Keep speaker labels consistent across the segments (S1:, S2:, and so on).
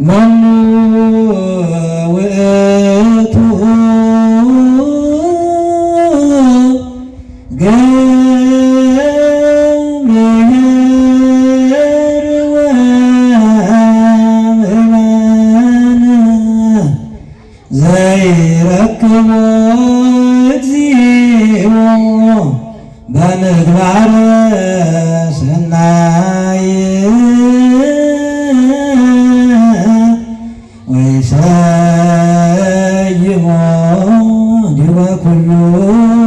S1: Manu conoce.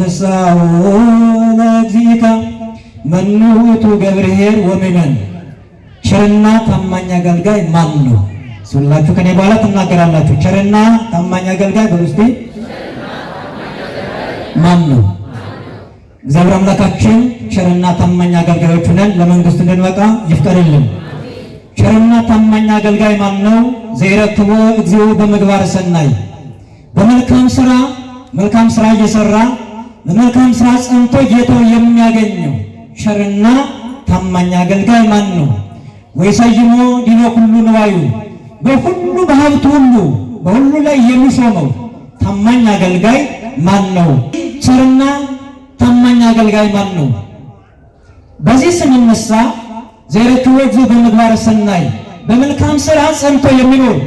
S1: ፍስሐሆነ እግዚእከ መኑ ገብርኄር ወሚመን። ቸርና ታማኝ አገልጋይ ማን ነው? ሁላችሁ ከኔ በኋላ ትናገራላችሁ። ቸርና ታማኝ አገልጋይ በውስጤ ማን ነው? እግዚአብሔር አምላካችን ቸርና ታማኝ አገልጋዮች ነን፣ ለመንግስቱ እንድንበቃ ይፍቀድልን። ቸርና ታማኝ አገልጋይ ማን ነው? ዘይረክቦ እግዚኦ በምግባረ ሰናይ፣ በመልካም ስራ መልካም ስራ እየሰራ በመልካም ስራ ጸንቶ ጌታው የሚያገኘው ሸርና ታማኝ አገልጋይ ማን ነው? ወይሰይሞ ዲኖ ኩሉ ንዋዩ፣ በሁሉ በሀብት ሁሉ በሁሉ ላይ የሚሾመው ታማኝ አገልጋይ ማን ነው? ቸርና ታማኝ አገልጋይ ማን ነው? በዚህ ስንነሳ ዘይረክወጁ በምግባር ሰናይ፣ በመልካም ስራ ጸንቶ የሚኖር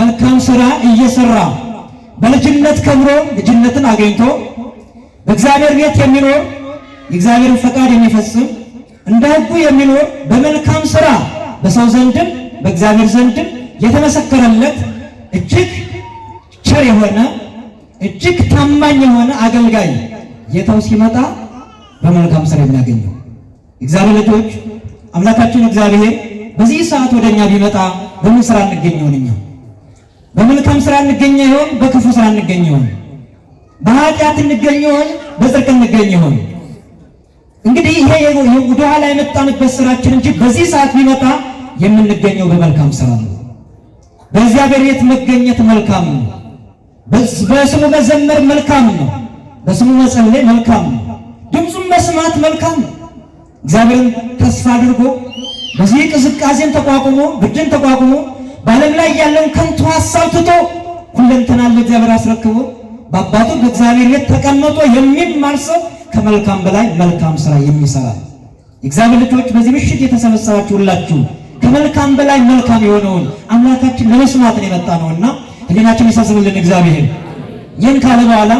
S1: መልካም ስራ እየሰራ በልጅነት ከብሮ ልጅነትን አገኝቶ በእግዚአብሔር ቤት የሚኖር የእግዚአብሔርን ፈቃድ የሚፈጽም እንደ ሕጉ የሚኖር በመልካም ስራ በሰው ዘንድም በእግዚአብሔር ዘንድም የተመሰከረለት እጅግ ቸር የሆነ እጅግ ታማኝ የሆነ አገልጋይ ጌታው ሲመጣ በመልካም ስራ የሚያገኘው እግዚአብሔር ልጆች አምላካችን እግዚአብሔር በዚህ ሰዓት ወደኛ ቢመጣ በምን ስራ እንገኘውን እኛ በመልካም ስራ እንገኘ ይሆን በክፉ ስራ እንገኘውን? በኃጢአት እንገኝ ይሆን በጽድቅ እንገኝ ይሆን? እንግዲህ ይሄ ወደ ኋላ የመጣንበት ስራችን እንጂ በዚህ ሰዓት ቢመጣ የምንገኘው በመልካም ስራ ነው። በእግዚአብሔር ቤት መገኘት መልካም ነው። በስሙ መዘመር መልካም ነው። በስሙ መጸለይ መልካም ነው። ድምፁን መስማት መልካም ነው። እግዚአብሔርን ተስፋ አድርጎ በዚህ ቅዝቃዜን ተቋቁሞ ብድን ተቋቁሞ በዓለም ላይ ያለውን ከንቱ ሀሳብ ትቶ ሁለንተናን ለእግዚአብሔር አስረክቦ በአባቱ በእግዚአብሔር ቤት ተቀምጦ የሚማር ሰው ከመልካም በላይ መልካም ስራ የሚሰራ እግዚአብሔር ልጆች፣ በዚህ ምሽት የተሰበሰባችሁ ሁላችሁ ከመልካም በላይ መልካም የሆነውን አምላካችን ለመስማት ነው የመጣ ነውና ህሊናችን ይሳስብልን እግዚአብሔር። ይህን ካለ በኋላ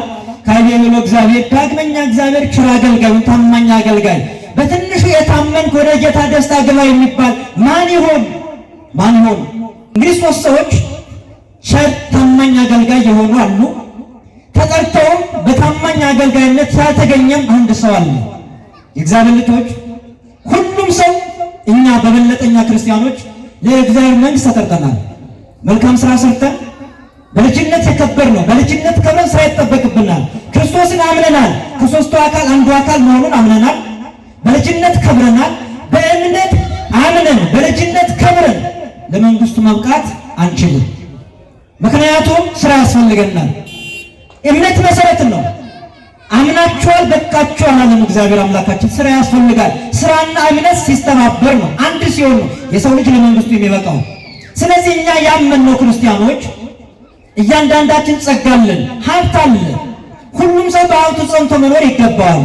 S1: ካይቤ ብሎ እግዚአብሔር ዳግመኛ እግዚአብሔር ችር አገልጋይ ታማኝ አገልጋይ በትንሹ የታመንክ ወደ ጌታ ደስታ ግባ የሚባል ማን ይሆን? ማን ይሆን? እንግዲህ ሶስት ሰዎች ቸር ታማኝ አገልጋይ የሆኑ አሉ። ተጠርተውም በታማኝ አገልጋይነት ያልተገኘም አንድ ሰው አለ። የእግዚአብሔር ልጆች ሁሉም ሰው እኛ በበለጠኛ ክርስቲያኖች ለእግዚአብሔር መንግስት ተጠርጠናል። መልካም ስራ ሰርተን በልጅነት የከበር ነው። በልጅነት ከብረን ስራ ይጠበቅብናል። ክርስቶስን አምነናል። ከሦስቱ አካል አንዱ አካል መሆኑን አምነናል። በልጅነት ከብረናል። በእምነት አምነን በልጅነት ከብረን ለመንግስቱ መብቃት አንችልም። ምክንያቱም ስራ ያስፈልገናል። እምነት መሰረት ነው። አምናችኋል፣ በቃችኋል አለም እግዚአብሔር አምላካችን። ስራ ያስፈልጋል። ስራና እምነት ሲስተባበር ነው አንድ ሲሆን ነው የሰው ልጅ ለመንግስቱ የሚበቃው። ስለዚህ እኛ ያመንነው ክርስቲያኖች እያንዳንዳችን ጸጋለን፣ ሀብታለን። ሁሉም ሰው በሀብቱ ጸንቶ መኖር ይገባዋል።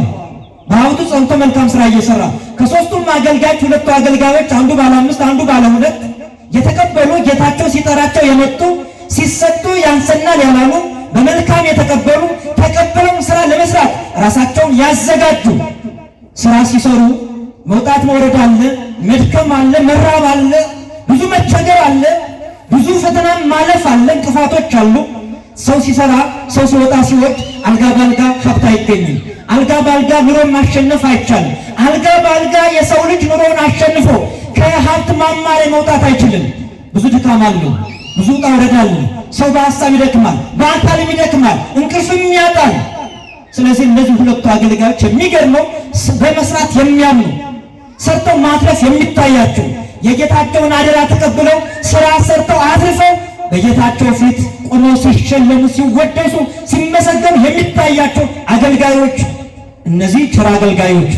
S1: በሀብቱ ጸንቶ መልካም ስራ እየሰራ ከሶስቱም አገልጋዮች ሁለቱ አገልጋዮች አንዱ ባለ አምስት አንዱ ባለ ሁለት የተቀበሉ ጌታቸው ሲጠራቸው የመጡ ሲሰጡ ያንሰናል ያላሉ በመልካም የተቀበሉ ተቀበለውን ስራ ለመስራት ራሳቸውን ያዘጋጁ። ስራ ሲሰሩ መውጣት መውረድ አለ፣ መድከም አለ፣ መራብ አለ፣ ብዙ መቸገር አለ፣ ብዙ ፈተና ማለፍ አለ፣ እንቅፋቶች አሉ። ሰው ሲሰራ ሰው ሲወጣ ሲወድ አልጋ ባልጋ ሀብት አይገኝም። አልጋ ባልጋ ኑሮን ማሸነፍ አይቻልም። አልጋ ባልጋ የሰው ልጅ ኑሮን አሸንፎ ከሀብት ማማሪ መውጣት አይችልም። ብዙ ድካም አለው። ብዙ ዕቃ ወረዳል። ሰው በሀሳብ ይደክማል፣ በአካልም ይደክማል፣ እንቅልፍም ያጣል። ስለዚህ እነዚህ ሁለቱ አገልጋዮች የሚገርመው በመስራት የሚያምኑ ሰርተው ማትረፍ የሚታያቸው የጌታቸውን አደራ ተቀብለው ስራ ሰርተው አትርፈው በጌታቸው ፊት ቆመው ሲሸለሙ፣ ሲወደሱ፣ ሲመሰገኑ የሚታያቸው አገልጋዮች እነዚህ ቸር አገልጋዮች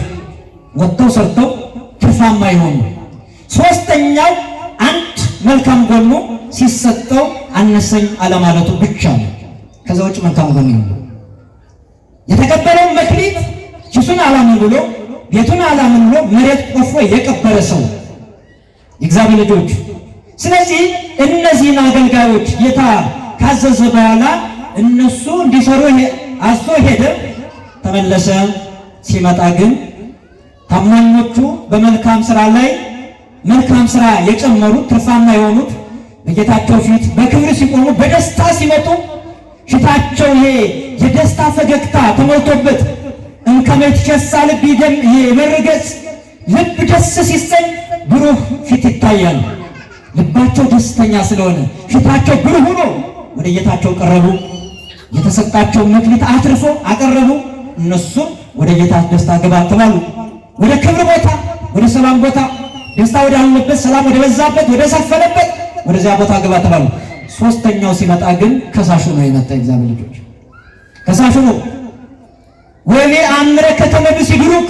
S1: ወጥተው ሰርተው ትርፋማ ይሆኑ። ሶስተኛው መልካም ጎኑ ሲሰጠው አነሰኝ አለማለቱ ብቻ ነው። ከዛ ውጭ መልካም ጎኑ ነው። የተቀበለውን መክሊት ኪሱን አላምን ብሎ ቤቱን አላምን ብሎ መሬት ቆፎ የቀበረ ሰው የእግዚአብሔር ልጆች። ስለዚህ እነዚህን አገልጋዮች ጌታ ካዘዘ በኋላ እነሱ እንዲሰሩ አዞ ሄደ። ተመለሰ። ሲመጣ ግን ታማኞቹ በመልካም ስራ ላይ መልካም ስራ የጨመሩ ትርፋማ የሆኑት በጌታቸው ፊት በክብር ሲቆሙ በደስታ ሲመጡ ፊታቸው ይሄ የደስታ ፈገግታ ተሞልቶበት እንከመት ይትከሳ ልብ ይደም ልብ ደስ ሲሰኝ ብሩህ ፊት ይታያል። ልባቸው ደስተኛ ስለሆነ ፊታቸው ብሩህ ሆኖ ወደ ጌታቸው ቀረቡ። የተሰጣቸው መክሊት አትርፎ አቀረቡ። እነሱም ወደ ጌታ ደስታ ገባ ተባሉ። ወደ ክብር ቦታ፣ ወደ ሰላም ቦታ ደስታ ወዳለበት፣ ሰላም ወደበዛበት፣ ወደ ሰፈነበት ወደዚያ ቦታ ግባ ተባሉ። ሶስተኛው ሲመጣ ግን ከሳሹ ነው የመጣ። እግዚአብሔር ልጆች ከሳሹ ነው። ወይኔ አምረ ከተመዱ ሲድሩክ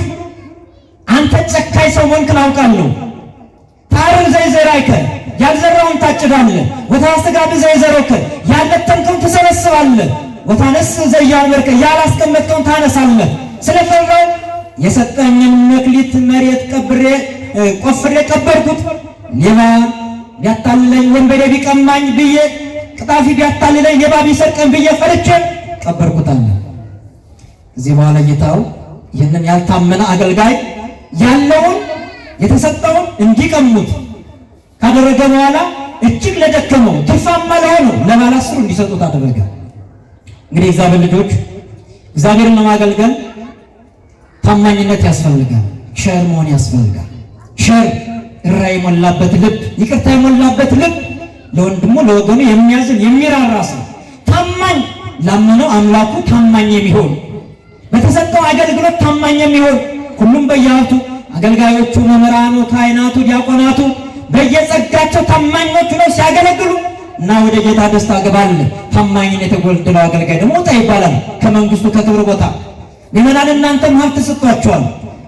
S1: አንተ ጨካኝ ሰው ሆንክን አውቃለሁ። ታርም ዘይዘራይከ ያልዘራውን ታጭዳለህ። ወታስተጋብ ዘይዘሮከ ያልበተንከውን ትሰበስባለህ። ወታነስ ዘያመርከ ያላስቀመጥከውን ታነሳለህ። ስለፈራው የሰጠኝን መክሊት መሬት ቀብሬ ቆፍሬ ቀበርኩት። ሌባ ቢያታልለኝ፣ ወንበዴ ቢቀማኝ ብዬ ቅጣፊ ቢያታልለኝ፣ ሌባ ቢሰርቀኝ ብዬ ፈርቼ ቀበርኩት አለ። እዚህ በኋላ ጌታው ይህንን ያልታመነ አገልጋይ ያለውን የተሰጠውን እንዲቀሙት ካደረገ በኋላ እጅግ ለደከመው ትርፋማ ለሆነው ለባለ አስሩ እንዲሰጡት አደረገ። እንግዲህ እግዚአብሔር ልጆች እግዚአብሔርን ለማገልገል ታማኝነት ያስፈልጋል፣ ቸር መሆን ያስፈልጋል። ቸር እራ የሞላበት ልብ፣ ይቅርታ የሞላበት ልብ፣ ለወንድሙ ለወገኑ የሚያዝን የሚራራ ሰው፣ ታማኝ ላመነው አምላኩ ታማኝ የሚሆን በተሰጠው አገልግሎት ታማኝ የሚሆን ሁሉም በየሀብቱ አገልጋዮቹ፣ መምህራኑ፣ ካህናቱ፣ ዲያቆናቱ በየጸጋቸው ታማኞች ነው ሲያገለግሉ እና ወደ ጌታ ደስታ ገባለ። ታማኝነት የጎደለው አገልጋይ ደግሞ ውጣ ይባላል ከመንግስቱ ከክብር ቦታ። ምእመናን እናንተም ሀብት ሰጥቷቸዋል።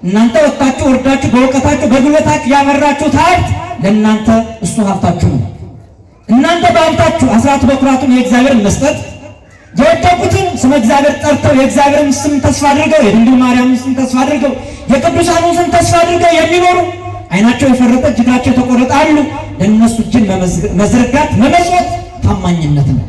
S1: እናንተ ወጣችሁ ወርዳችሁ በእውቀታችሁ በጉልበታችሁ ያመራችሁት ሀብት ለእናንተ እሱ ሀብታችሁ ነው። እናንተ በሀብታችሁ አስራት በኩራቱን የእግዚአብሔርን መስጠት የወደቁትን ስመ እግዚአብሔር ጠርተው የእግዚአብሔርን ስም ተስፋ አድርገው የድንግል ማርያምን ስም ተስፋ አድርገው የቅዱሳኑን ስም ተስፋ አድርገው የሚኖሩ አይናቸው የፈረጠ እጅጋቸው የተቆረጠ አሉ። ለእነሱ እጅን መዘርጋት መመጽወት ታማኝነት ነው።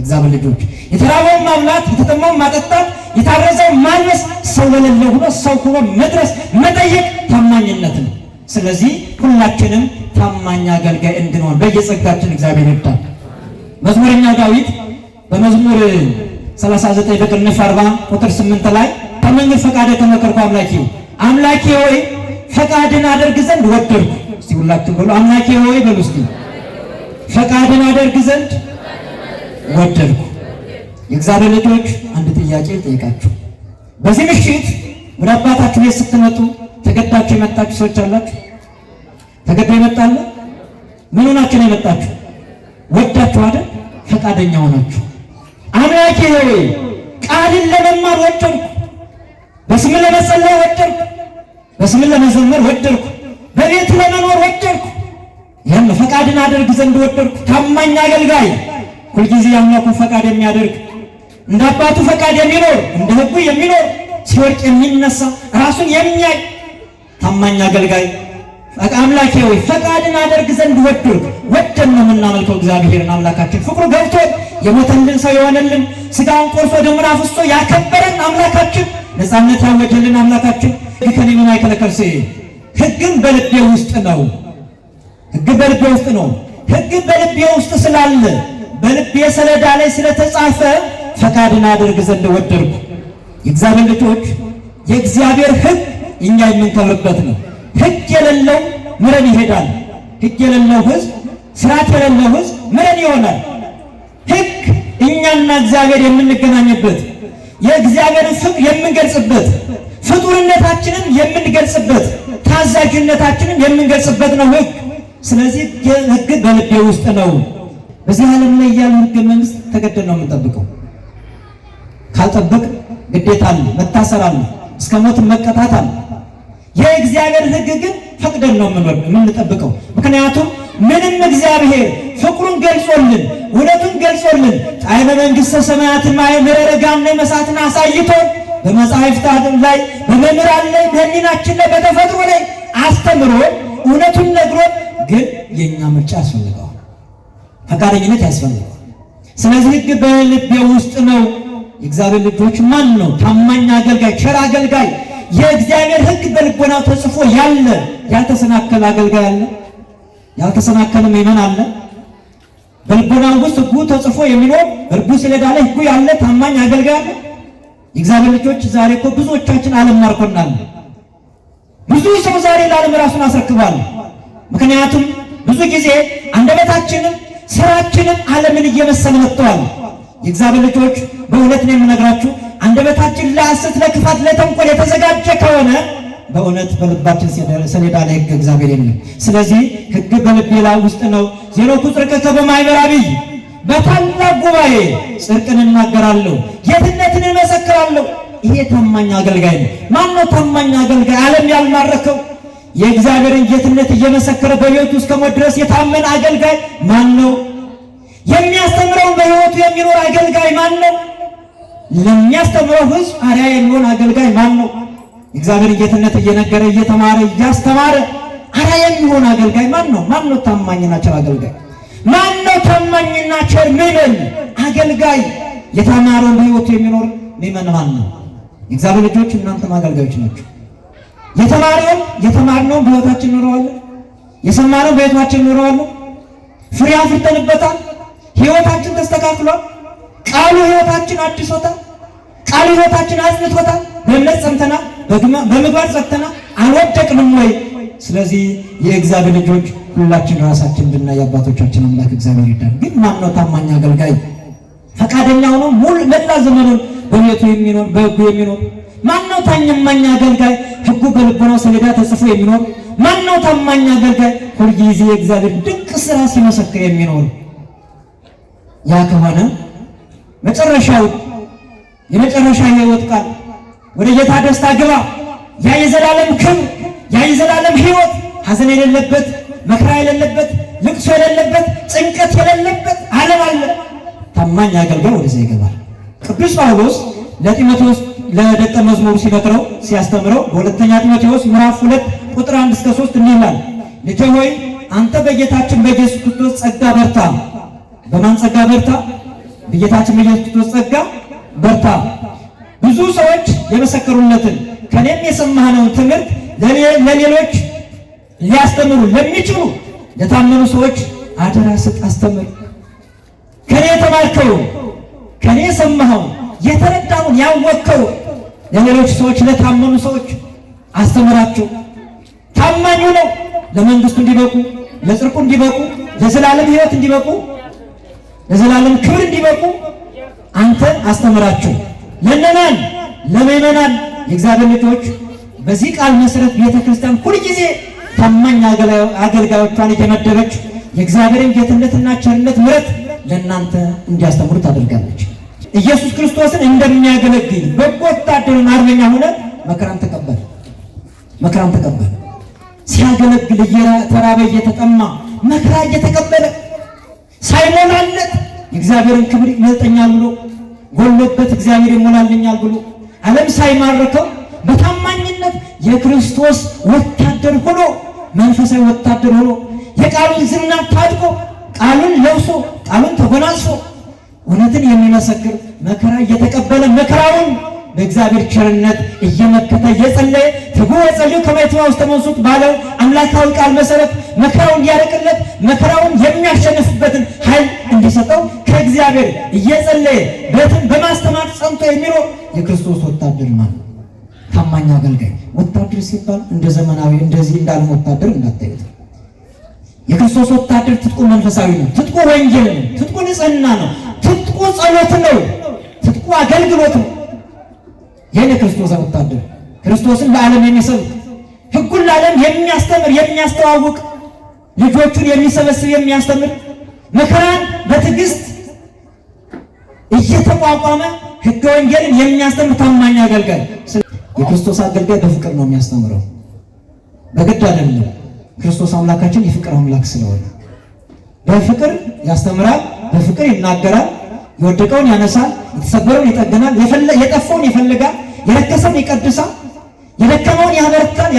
S1: እግዚአብሔር ልጆች የተራበውን ማብላት የተጠማውን ማጠጣት የታረዘው ማነስ፣ ሰው ለሌለው ሆኖ ሰው ሆኖ መድረስ መጠየቅ ታማኝነት ነው። ስለዚህ ሁላችንም ታማኝ አገልጋይ እንድንሆን በየጸጋችን እግዚአብሔር ይርዳል። መዝሙረኛው ዳዊት በመዝሙር 39 ንፍ 40 ቁጥር 8 ላይ ተመኝት ፈቃደ ተመከርኩ አምላኪ አምላኪ ሆይ ፈቃድን አደርግ ዘንድ ወደድኩ። እስቲ ሁላችሁ በሉ አምላኪ ሆይ በሉ እስቲ ፈቃድን አደርግ ዘንድ ወደድኩ። የእግዚአብሔር ልጆች አንድ ጥያቄ ልጠይቃችሁ። በዚህ ምሽት ወደ አባታችሁ ቤት ስትመጡ ተገዳችሁ የመጣችሁ ሰዎች አላችሁ? ተገዳ ይመጣለ? ምን ሆናችሁ ነው የመጣችሁ? ወዳችሁ አይደል? ፈቃደኛ ሆናችሁ አምላኬ ሆይ ቃልን ለመማር ወደድኩ፣ በስምን ለመጸለይ ወደድኩ፣ በስምን ለመዘመር ወደድኩ፣ በቤቱ ለመኖር ወደድኩ፣ ይህም ፈቃድን አደርግ ዘንድ ወደድኩ። ታማኝ አገልጋይ ሁልጊዜ አምላኩን ፈቃድ የሚያደርግ እንደ አባቱ ፈቃድ የሚኖር እንደ ህጉ የሚኖር ሲወርቅ የሚነሳ ራሱን የሚያይ ታማኝ አገልጋይ አምላኬ ሆይ ፈቃድን አደርግ ዘንድ ወዶ ወደን ነው የምናመልከው እግዚአብሔርን አምላካችን ፍቅሩ ገብቶ የሞተልን ሰው የሆነልን ስጋውን ቆርሶ ደሙን አፍስሶ ያከበረን አምላካችን ነፃነት ያወጀልን አምላካችን ከኔ ምን አይከለከል ሰ ህግን በልቤ ውስጥ ነው ህግ በልቤ ውስጥ ነው ህግ በልቤ ውስጥ ስላለ በልቤ ሰሌዳ ላይ ስለተጻፈ ፈቃድን አደርግ ዘንድ ወደድኩ። የእግዚአብሔር ልጆች፣ የእግዚአብሔር ሕግ እኛ የምንከብርበት ነው። ሕግ የሌለው ምረን ይሄዳል። ሕግ የሌለው ሕዝብ፣ ስርዓት የሌለው ሕዝብ ምረን ይሆናል። ሕግ እኛና እግዚአብሔር የምንገናኝበት የእግዚአብሔርን ፍቅር የምንገልጽበት ፍጡርነታችንን የምንገልጽበት ታዛዥነታችንን የምንገልጽበት ነው ሕግ። ስለዚህ ሕግ በልቤ ውስጥ ነው። በዚህ ዓለም ላይ ያሉ ሕገ መንግስት ተገደን ነው የምንጠብቀው። ካልጠበቅ ግዴታ አለ፣ መታሰር አለ፣ እስከ ሞት መቀጣት አለ። የእግዚአብሔር ሕግ ግን ፈቅደን ነው የምንጠብቀው። ምክንያቱም ምንም እግዚአብሔር ፍቅሩን ገልጾልን እውነቱን ገልጾልን ጣዕመ መንግሥተ ሰማያትን ማይመረረ ገሃነመ እሳትን አሳይቶ በመጻሕፍታችን ላይ በመምህራን ላይ በሕሊናችን ላይ በተፈጥሮ ላይ አስተምሮ እውነቱን ነግሮ ግን የእኛ ምርጫ ያስፈልገዋል፣ ፈቃደኝነት ያስፈልገዋል። ስለዚህ ሕግ በልቤ ውስጥ ነው የእግዚአብሔር ልጆች ማን ነው? ታማኝ አገልጋይ፣ ቸር አገልጋይ፣ የእግዚአብሔር ሕግ በልቦናው ተጽፎ ያለ ያልተሰናከለ አገልጋይ አለ። ያልተሰናከለ ምእመን አለ። በልቦናው ውስጥ ሕጉ ተጽፎ የሚኖር በልቡ ሰሌዳ ላይ ሕጉ ያለ ታማኝ አገልጋይ አለ። የእግዚአብሔር ልጆች ዛሬ እኮ ብዙዎቻችን ዓለም ማርኮናል። ብዙ ሰው ዛሬ ለዓለም ራሱን አስረክቧል። ምክንያቱም ብዙ ጊዜ አንደበታችንም ስራችንም ዓለምን እየመሰል መጥተዋል። የእግዚአብሔር ልጆች በእውነት ነው የምነግራችሁ፣ አንደበታችን ለሐሰት፣ ለክፋት፣ ለተንኮል የተዘጋጀ ከሆነ በእውነት በልባችን ሰሌዳ ላይ ሕግ እግዚአብሔር የለም። ስለዚህ ሕግ በልቤ ላይ ውስጥ ነው። ዜሮ ቁጥር በማኅበር አብይ በታላቅ ጉባኤ ጽድቅን እናገራለሁ፣ ጌትነትን እመሰክራለሁ። ይሄ ታማኝ አገልጋይ ነው። ነው ታማኝ አገልጋይ? ዓለም ያልማረከው የእግዚአብሔርን ጌትነት እየመሰከረ በቤቱ እስከ ሞት ድረስ የታመነ አገልጋይ ማን ነው? የሚያስተምረው በህይወቱ የሚኖር አገልጋይ ማን ነው? ለሚያስተምረው ህዝብ አርያ የሚሆን አገልጋይ ማን ነው? እግዚአብሔር ጌትነት እየነገረ እየተማረ እያስተማረ አርያ የሚሆን አገልጋይ ማን ነው? ማን ነው ታማኝና ቸር አገልጋይ? ማን ነው ታማኝና ቸር ምዕመን አገልጋይ? የተማረውን በህይወቱ የሚኖር ምዕመን ማን ነው? እግዚአብሔር ልጆች እናንተም አገልጋዮች ናቸው። የተማረውን የተማርነውን በህይወታችን እንኖረዋለን። የሰማነው በህይወታችን እንኖረዋለን። ፍሬ አፍርተንበታል። ህይወታችን ተስተካክሏል። ቃሉ ህይወታችን አድሶታል። ቃሉ ህይወታችን አጽንቶታል። በእምነት ጸንተናል፣ በምግባር ጸንተናል፣ አልወደቅንም ወይ? ስለዚህ የእግዚአብሔር ልጆች ሁላችን ራሳችን ብናይ የአባቶቻችን አምላክ እግዚአብሔር ይዳል። ግን ማምነው ታማኝ አገልጋይ ፈቃደኛ ሆኖ ሙሉ መላ ዘመኑን በቤቱ የሚኖር በህጉ የሚኖር ማነው ታማኝ አገልጋይ? ህጉ በልቦናው ሰሌዳ ተጽፎ የሚኖር ማነው ታማኝ አገልጋይ? ሁልጊዜ የእግዚአብሔር ድንቅ ስራ ሲመሰክር የሚኖር ያ ከሆነ መጨረሻው የመጨረሻ የህይወት ቃል ወደ ጌታ ደስታ ግባ። ያ የዘላለም ክብር፣ ያ የዘላለም ህይወት ሀዘን የሌለበት መከራ የሌለበት ልቅሶ የሌለበት ጭንቀት የሌለበት ዓለም አለ። ታማኝ አገልጋይ ወደዚያ ይገባል። ቅዱስ ጳውሎስ ለጢሞቴዎስ ለደቀ መዝሙር ሲመክረው ሲያስተምረው በሁለተኛ ጢሞቴዎስ ምዕራፍ ሁለት ቁጥር አንድ እስከ ሶስት እንዲህ ይላል ልጄ ሆይ አንተ በጌታችን በኢየሱስ ክርስቶስ ጸጋ በርታ በማን ጸጋ በርታ? በጌታችን በኢየሱስ ክርስቶስ ጸጋ በርታ። ብዙ ሰዎች የመሰከሩነትን ከኔም የሰማነውን ትምህርት ለሌሎች ሊያስተምሩ ለሚችሉ ለታመኑ ሰዎች አደራ ስጥ፣ አስተምር። ከኔ የተማርከውን ከኔ ሰማው የተረዳውን ያወቅከው ለሌሎች ሰዎች ለታመኑ ሰዎች አስተምራቸው። ታማኙ ነው ለመንግስቱ እንዲበቁ ለጽርቁ እንዲበቁ ለዘላለም ህይወት እንዲበቁ ለዘላለም ክብር እንዲበቁ አንተ አስተምራቸው። ለነናን ለመይመናን የእግዚአብሔር ልጆች በዚህ ቃል መሰረት ቤተ ቤተክርስቲያን ሁልጊዜ ታማኝ አገልጋዮቿን እየመደበች የእግዚአብሔርን ጌትነትና ቸርነት ምረት ለእናንተ እንዲያስተምሩ ታደርጋለች። ኢየሱስ ክርስቶስን እንደሚያገለግል በጎ ወታደርን አርበኛ ሆነ መከራን ተቀበል መከራን ተቀበል ሲያገለግል እየተራበ እየተጠማ መከራ እየተቀበለ ሳይሞላለት እግዚአብሔርን ክብር ይለጠኛል ብሎ ጎለበት እግዚአብሔር ይሞላልኛል ብሎ ዓለም ሳይማርከው በታማኝነት የክርስቶስ ወታደር ሆኖ መንፈሳዊ ወታደር ሆኖ የቃሉን ዝና ታጥቆ ቃሉን ለብሶ ቃሉን ተጎናጽፎ እውነትን የሚመሰክር መከራ እየተቀበለ መከራውን በእግዚአብሔር ቸርነት እየመከተ እየጸለየ ትጉ ጸልዩ ከመ ይትበע ውስተ መንሱት ባለው አምላካዊ ቃል መሰረት መከራውን እንዲያርቅለት መከራውን የሚያሸንፍበትን ኃይል እንዲሰጠው ከእግዚአብሔር እየጸለየ በትን በማስተማር ጸንቶ የሚኖር የክርስቶስ ወታደር ማለት ታማኝ አገልጋይ ወታደር ሲባል እንደ ዘመናዊ እንደዚህ እንዳለ ወታደር እንዳታዩት። የክርስቶስ ወታደር ትጥቁ መንፈሳዊ ነው። ትጥቁ ወንጌል ነው። ትጥቁ ንጽህና ነው። ትጥቁ ጸሎት ነው። ትጥቁ አገልግሎት ነው። የኔ የክርስቶስ ወታደር ክርስቶስን ለዓለም የሚሰብክ ህጉን ለዓለም የሚያስተምር የሚያስተዋውቅ ልጆቹን የሚሰበስብ የሚያስተምር መከራን በትዕግስት እየተቋቋመ ህገ ወንጌልን የሚያስተምር ታማኝ አገልጋይ። የክርስቶስ አገልጋይ በፍቅር ነው የሚያስተምረው፣ በግድ አይደለም። ክርስቶስ አምላካችን የፍቅር አምላክ ስለሆነ በፍቅር ያስተምራል፣ በፍቅር ይናገራል። የወደቀውን ያነሳል፣ የተሰበረውን ይጠግናል፣ የጠፋውን ይፈልጋል፣ የረከሰውን ይቀድሳል፣ የደከመውን ያበረታል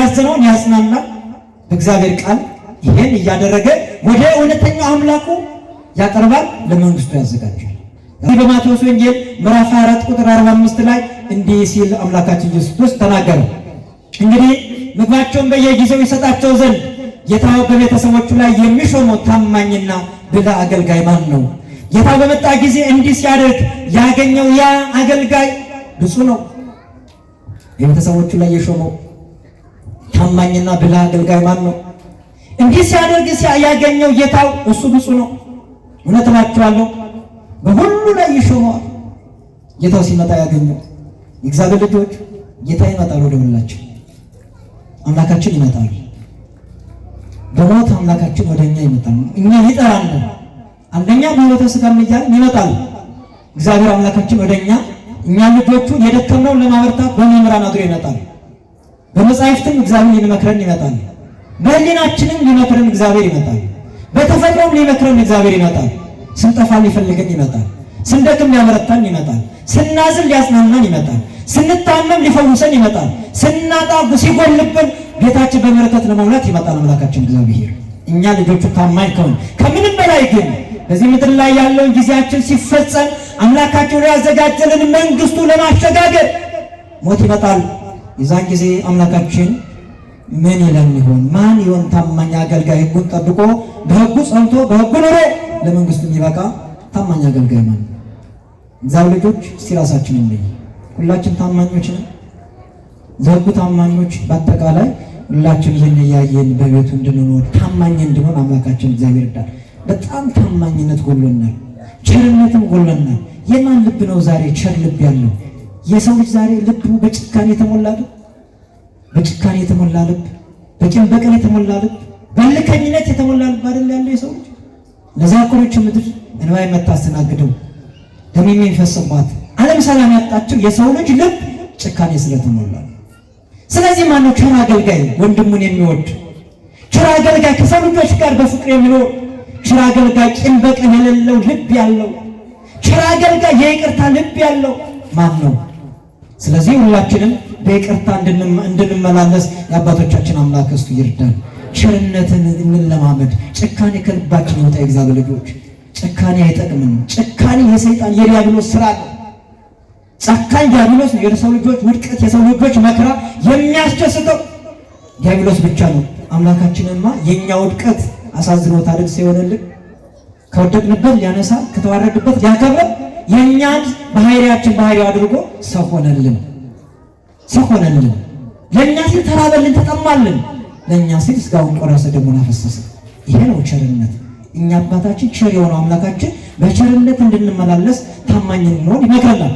S1: ያዘነውን ያጽናናል። በእግዚአብሔር ቃል ይሄን እያደረገ ወደ እውነተኛው አምላኩ ያቀርባል፣ ለመንግስቱ ያዘጋጃል። ይህ በማቴዎስ ወንጌል ምዕራፍ 24 ቁጥር 45 ላይ እንዲህ ሲል አምላካችን ኢየሱስ ክርስቶስ ተናገረ። እንግዲህ ምግባቸውን በየጊዜው ይሰጣቸው ዘንድ ጌታው በቤተሰቦቹ ላይ የሚሾመው ታማኝና ብልህ አገልጋይ ማን ነው? ጌታ በመጣ ጊዜ እንዲህ ሲያደርግ ያገኘው ያ አገልጋይ ብፁዕ ነው። የቤተሰቦቹ ላይ የሾመው ታማኝና ብላ አገልጋይ ማን ነው? እንዲህ ሲያደርግ ያገኘው ጌታው እሱ ብፁ ነው። እውነት እላችኋለሁ በሁሉ ላይ ይሾመዋል። ጌታው ሲመጣ ያገኘው የእግዚአብሔር ልጆች ጌታ ይመጣል። ወደ ሁላችን አምላካችን ይመጣል። በሞት አምላካችን ወደ እኛ ይመጣል። እኛ ይጠራል አንደኛ በሕይወተ ስጋ እያልን ይመጣል እግዚአብሔር አምላካችን ወደኛ እኛ ልጆቹ የደከምነውን ለማበርታት በመምህራን አድሮ ይመጣል። በመጻሕፍትም እግዚአብሔር ሊመክረን ይመጣል። በሕሊናችንም ሊመክረን እግዚአብሔር ይመጣል። በተፈጥሮም ሊመክረን እግዚአብሔር ይመጣል። ስንጠፋ ሊፈልገን ይመጣል። ስንደክም ሊያበረታን ይመጣል። ስናዝን ሊያጽናናን ይመጣል። ስንታመም ሊፈውሰን ይመጣል። ስናጣ ሲጎልብን ቤታችን በበረከት ለመሙላት ይመጣል አምላካችን እግዚአብሔር። እኛ ልጆቹ ታማኝ ከሆን ከምንም በላይ ግን በዚህ ምድር ላይ ያለውን ጊዜያችን ሲፈጸም አምላካችን ያዘጋጀልን መንግስቱ ለማሸጋገር ሞት ይመጣል። የዛን ጊዜ አምላካችን ምን ይለን ይሆን? ማን ይሆን ታማኝ አገልጋይ ህጉን ጠብቆ በህጉ ጸንቶ በህጉ ኑሮ ለመንግስቱ የሚበቃ ታማኝ አገልጋይ ማን? እዛው ልጆች እስቲ ራሳችን እንይ። ሁላችን ታማኞች ነን። በህጉ ታማኞች በአጠቃላይ ሁላችን ይህን እያየን በቤቱ እንድንኖር ታማኝ እንድንሆን አምላካችን እግዚአብሔር ይርዳል። በጣም ታማኝነት ጎሎናል፣ ቸርነትም ጎሎናል። የማን ልብ ነው ዛሬ ቸር ልብ ያለው? የሰው ልጅ ዛሬ ልቡ በጭካኔ የተሞላ ልብ፣ በጭካኔ የተሞላ ልብ፣ በቂም በቀል የተሞላ ልብ፣ በልከኝነት የተሞላ ልብ አይደል ያለው የሰው ልጅ። ለዛ ኮሮች ምድር እንባ የምታስተናግደው ደም የሚፈስባት ዓለም ሰላም ያጣችው የሰው ልጅ ልብ ጭካኔ ስለተሞላ። ስለዚህ ማነው ቸር አገልጋይ? ወንድሙን የሚወድ ቸር አገልጋይ ከሰው ልጆች ጋር በፍቅር የሚኖር ቸር አገልጋይ ቂም በቀል የሌለው ልብ ያለው ቸር አገልጋይ የይቅርታ ልብ ያለው ማን ነው? ስለዚህ ሁላችንም በይቅርታ እንድንመላለስ የአባቶቻችን አምላክ እሱ ይርዳል። ቸርነትን እንለማመድ። ጭካኔ ከልባችን ይወጣ። የእግዚአብሔር ልጆች ጭካኔ አይጠቅምም። ጭካኔ የሰይጣን የዲያብሎስ ስራ ነው። ጨካኝ ዲያብሎስ ነው። የሰው ልጆች ውድቀት፣ የሰው ልጆች መከራ የሚያስደስተው ዲያብሎስ ብቻ ነው። አምላካችንማ የእኛ ውድቀት አሳዝኖታል። ልብስ የሆነልን ከወደቅንበት ሊያነሳ ከተዋረድበት ሊያከብር የእኛን ባህሪያችን ባህሪው አድርጎ ሰው ሆነልን። ሰው ሆነልን። ለእኛ ሲል ተራበልን፣ ተጠማልን። ለእኛ ሲል ስጋውን ቆረሰ፣ ደሙን አፈሰሰ። ይሄ ነው ቸርነት። እኛ አባታችን ቸር የሆነው አምላካችን በቸርነት እንድንመላለስ ታማኝ እንሆን ይመክረናል።